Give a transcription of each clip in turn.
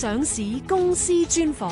上市公司專訪。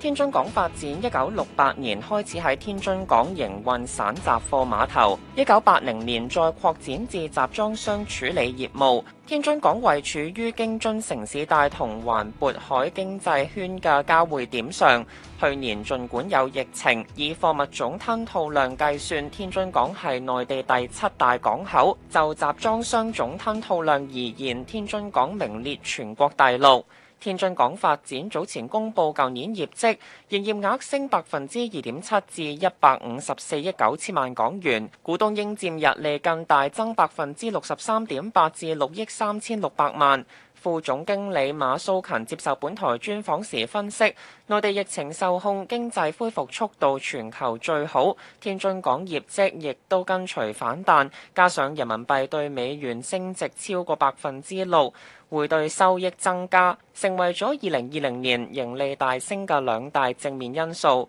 天津港發展一九六八年開始喺天津港營運散雜貨碼頭，一九八零年再擴展至集裝箱處理業務。天津港位處於京津城市帶同環渤海經濟圈嘅交匯點上。去年儘管有疫情，以貨物總吞吐量計算，天津港係內地第七大港口。就集裝箱總吞吐量而言，天津港名列全國第六。天津港發展早前公布舊年業績，營業額升百分之二點七至一百五十四億九千萬港元，股東應佔溢利更大增百分之六十三點八至六億三千六百萬。副總經理馬蘇芹接受本台專訪時分析，內地疫情受控，經濟恢復速度全球最好，天津港業績亦都跟隨反彈，加上人民幣對美元升值超過百分之六，匯兌收益增加，成為咗二零二零年盈利大升嘅兩大正面因素。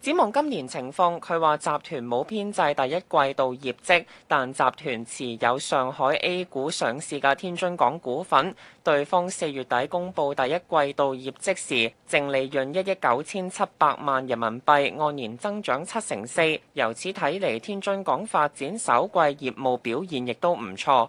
展望今年情況，佢話集團冇編製第一季度業績，但集團持有上海 A 股上市嘅天津港股份。對方四月底公布第一季度業績時，淨利潤一億九千七百萬人民幣，按年增長七成四。由此睇嚟，天津港發展首季業務表現亦都唔錯。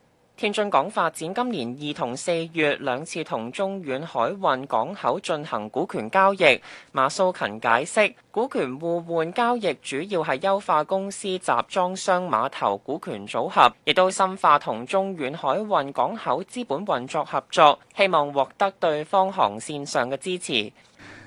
天津港發展今年二同四月兩次同中遠海運港口進行股權交易。馬蘇芹解釋，股權互換交易主要係優化公司集裝箱碼頭股權組合，亦都深化同中遠海運港口資本運作合作，希望獲得對方航線上嘅支持。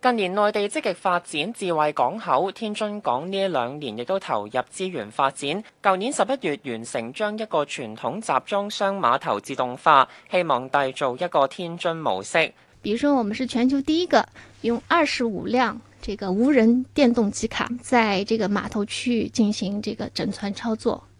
近年內地積極發展智慧港口，天津港呢兩年亦都投入資源發展。舊年十一月完成將一個傳統集裝箱碼頭自動化，希望製造一個天津模式。比如說，我們是全球第一個用二十五輛這個無人電動機卡，在這個碼頭區域進行這個整船操作。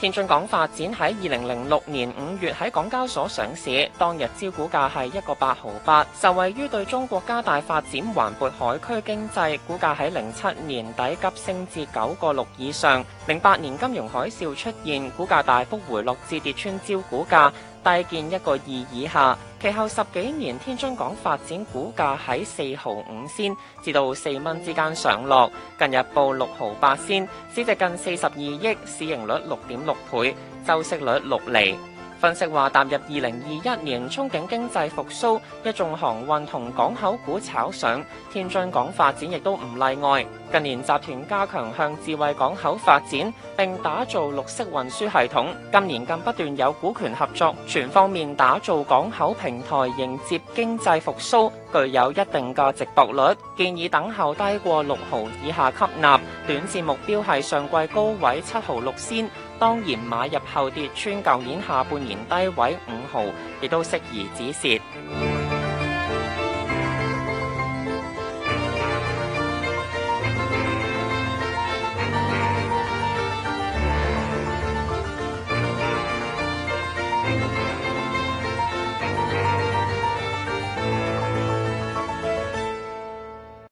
天津港發展喺二零零六年五月喺港交所上市，當日招股價係一個八毫八。受惠於對中國加大發展環渤海區經濟，股價喺零七年底急升至九個六以上。零八年金融海嘯出現，股價大幅回落至跌穿招股價，低見一個二以下。其後十幾年，天津港發展股價喺四毫五仙至到四蚊之間上落，近日報六毫八仙，市值近四十二億，市盈率六點六倍，周息率六厘。分析話，踏入二零二一年，憧憬經濟復甦，一眾航運同港口股炒上，天津港發展亦都唔例外。近年集團加強向智慧港口發展，並打造綠色運輸系統。今年更不斷有股權合作，全方面打造港口平台，迎接經濟復甦，具有一定嘅值博率。建議等候低過六毫以下吸納，短線目標係上季高位七毫六先。當然，買入後跌穿舊年下半年低位五毫，亦都適宜止蝕。